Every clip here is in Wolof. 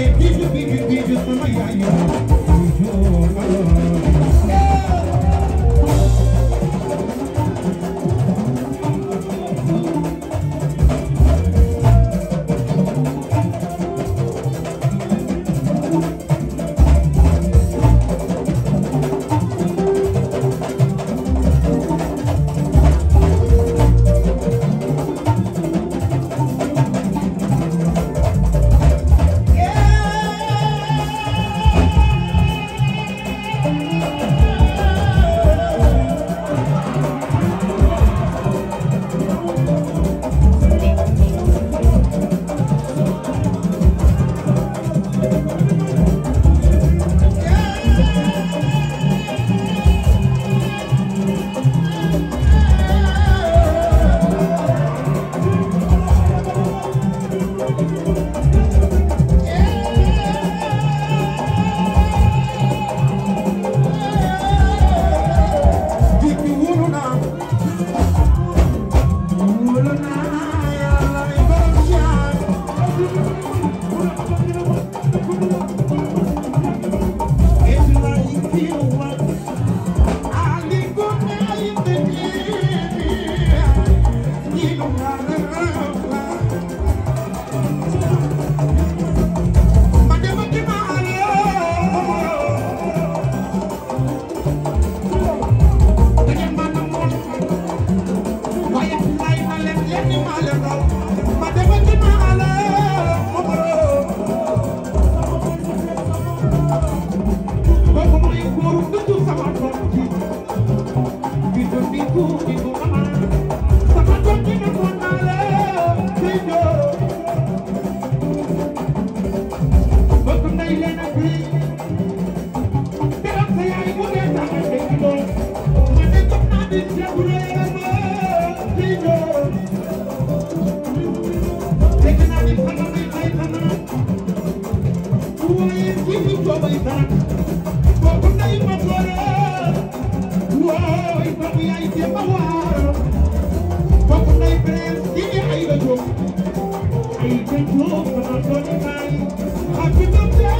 Did you, did you, did you, did you, Happy birthday!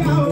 see how